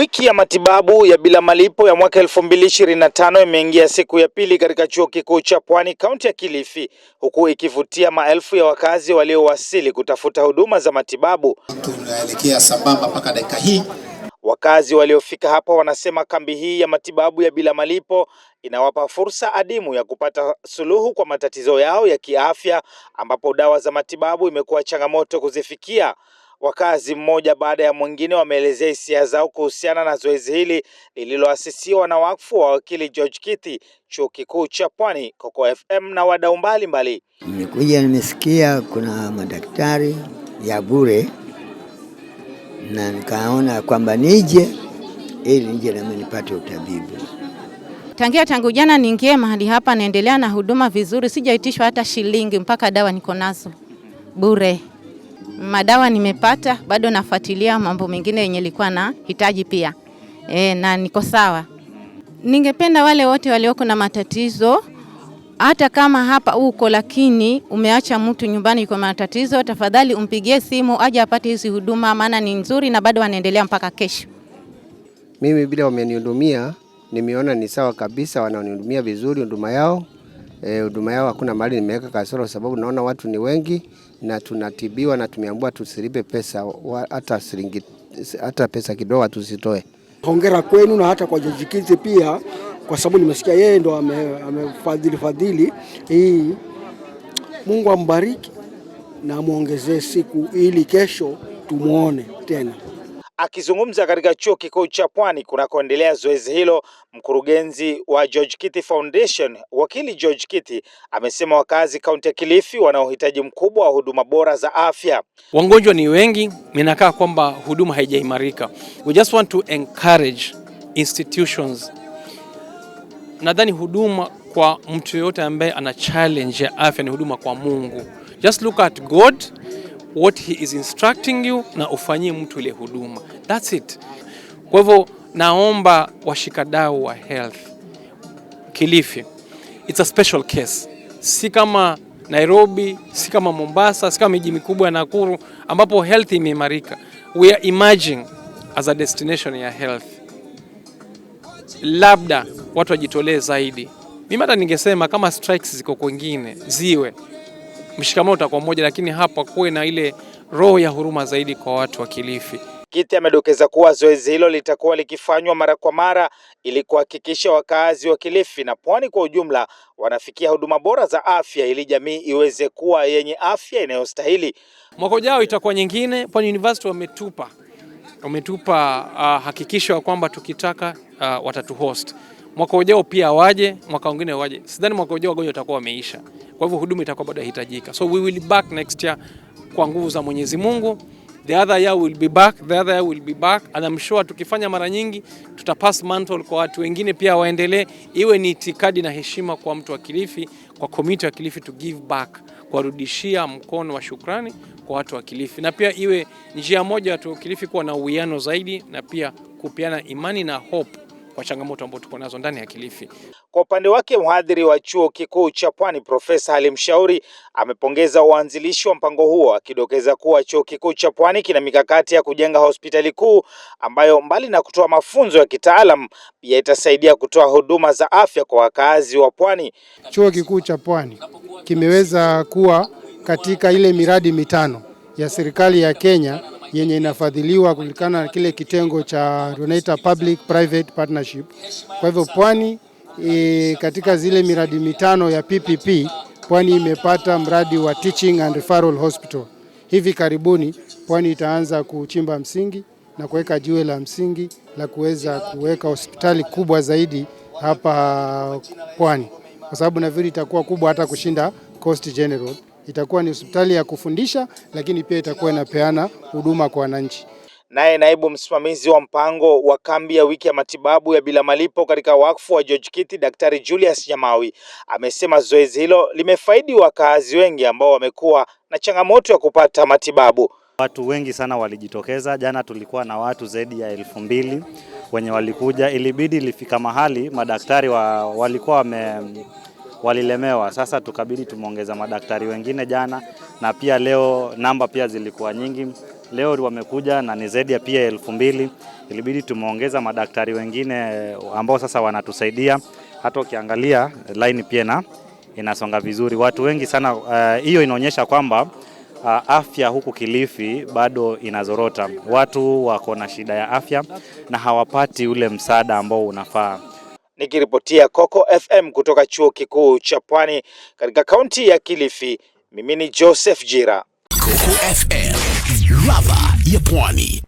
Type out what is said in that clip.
Wiki ya matibabu ya bila malipo ya mwaka 2025 imeingia siku ya pili katika chuo kikuu cha Pwani kaunti ya Kilifi, huku ikivutia maelfu ya wakazi waliowasili kutafuta huduma za matibabu. Tunaelekea sambamba mpaka dakika hii. Wakazi waliofika hapa wanasema kambi hii ya matibabu ya bila malipo inawapa fursa adimu ya kupata suluhu kwa matatizo yao ya kiafya, ambapo dawa za matibabu imekuwa changamoto kuzifikia. Wakazi mmoja baada ya mwingine wameelezea hisia zao kuhusiana na zoezi hili lililoasisiwa na wakfu wa wakili George Kiti, chuo kikuu cha Pwani, Coco FM na wadau mbalimbali. Nimekuja nimesikia kuna madaktari ya bure na nikaona kwamba nije ili nije nami nipate utabibu. Tangia tangu jana niingie mahali hapa, naendelea na huduma vizuri, sijaitishwa hata shilingi, mpaka dawa niko nazo bure madawa nimepata, bado nafuatilia mambo mengine yenye ilikuwa na hitaji pia e, na niko sawa. Ningependa wale wote walioko na matatizo hata kama hapa uko lakini umeacha mtu nyumbani na matatizo, tafadhali umpigie simu aje apate hizi huduma, maana ni nzuri na bado wanaendelea mpaka kesho. Mimi bila wamenihudumia, nimeona ni sawa kabisa, wananihudumia vizuri, huduma yao Eh, huduma e, yao hakuna mahali nimeweka kasoro, sababu naona watu ni wengi na tunatibiwa na tumeambiwa tusilipe pesa hata shilingi hata pesa kidogo tusitoe. Hongera kwenu na hata kwa Jaji pia, kwa sababu nimesikia yeye ndo amefadhili fadhili hii. Mungu ambariki na amwongezee siku ili kesho tumwone tena. Akizungumza katika chuo kikuu cha Pwani kunakoendelea zoezi hilo, mkurugenzi wa George Kiti Foundation wakili George Kiti amesema wakazi kaunti ya Kilifi wana uhitaji mkubwa wa huduma bora za afya. Wagonjwa ni wengi, minakaa kwamba huduma haijaimarika. We just want to encourage institutions. Nadhani huduma kwa mtu yoyote ambaye ana challenge ya afya ni huduma kwa Mungu. Just look at God what he is instructing you na ufanyie mtu ile huduma. That's it. Kwa hivyo naomba washikadau wa health Kilifi, it's a special case, si kama Nairobi, si kama Mombasa, si kama miji mikubwa ya Nakuru ambapo health imeimarika. We are emerging as a destination ya health. Labda watu wajitolee zaidi. Mimi hata ningesema kama strikes ziko kwingine ziwe mshikamano utakuwa mmoja, lakini hapa kuwe na ile roho ya huruma zaidi kwa watu wa Kilifi. Kiti amedokeza kuwa zoezi hilo litakuwa likifanywa mara kwa mara ili kuhakikisha wakazi wa Kilifi na Pwani kwa ujumla wanafikia huduma bora za afya ili jamii iweze kuwa yenye afya inayostahili. Mwaka ujao itakuwa nyingine. Pwani University wametupa wametupa uh, hakikisho ya kwamba tukitaka uh, ah, watatu mwaka ujao pia waje, mwaka mwingine waje. Sidhani mwaka ujao wagonjwa watakuwa wameisha. Kwa hivyo huduma itakuwa bado hitajika. so we will back next year kwa nguvu za Mwenyezi Mungu. The other year will be back, the other year will be back, and I'm sure tukifanya mara nyingi tutapass mantle kwa watu wengine pia waendelee, iwe ni itikadi na heshima kwa mtu wa Kilifi, kwa community wa Kilifi to give back, kuwarudishia mkono wa shukrani kwa watu wa Kilifi, na pia iwe njia moja watu wa Kilifi kuwa na uwiano zaidi na pia kupeana imani na hope kwa changamoto ambazo tuko nazo ndani ya Kilifi. Kwa upande wake, mhadhiri wa chuo kikuu cha Pwani Profesa Halim Shauri amepongeza uanzilishi wa mpango huo, akidokeza kuwa chuo kikuu cha Pwani kina mikakati ya kujenga hospitali kuu ambayo mbali na kutoa mafunzo ya kitaalam pia itasaidia kutoa huduma za afya kwa wakazi wa Pwani. Chuo kikuu cha Pwani kimeweza kuwa katika ile miradi mitano ya serikali ya Kenya yenye inafadhiliwa kulikana na kile kitengo cha tunaita public private partnership. Kwa hivyo Pwani e, katika zile miradi mitano ya PPP Pwani imepata mradi wa teaching and referral hospital. Hivi karibuni Pwani itaanza kuchimba msingi na kuweka jiwe la msingi la kuweza kuweka hospitali kubwa zaidi hapa Pwani, kwa sababu vile itakuwa kubwa hata kushinda Coast General. Itakuwa ni hospitali ya kufundisha, lakini pia itakuwa inapeana huduma kwa wananchi. Naye naibu msimamizi wa mpango wa kambi ya wiki ya matibabu ya bila malipo katika wakfu wa George Kiti, Daktari Julius Nyamawi amesema zoezi hilo limefaidi wakazi wengi ambao wamekuwa na changamoto ya kupata matibabu. Watu wengi sana walijitokeza jana, tulikuwa na watu zaidi ya elfu mbili wenye walikuja. Ilibidi ilifika mahali madaktari wa, walikuwa wame walilemewa. Sasa tukabidi tumeongeza madaktari wengine jana, na pia leo namba pia zilikuwa nyingi. Leo wamekuja na ni zaidi ya pia elfu mbili. Ilibidi tumeongeza madaktari wengine ambao sasa wanatusaidia. Hata ukiangalia laini pia na inasonga vizuri, watu wengi sana. Eh, hiyo uh, inaonyesha kwamba uh, afya huku Kilifi bado inazorota. Watu wako na shida ya afya na hawapati ule msaada ambao unafaa nikiripotia Coco FM kutoka chuo kikuu cha Pwani katika kaunti ya Kilifi. Mimi ni Joseph Jira, Coco FM, ladha ya Pwani.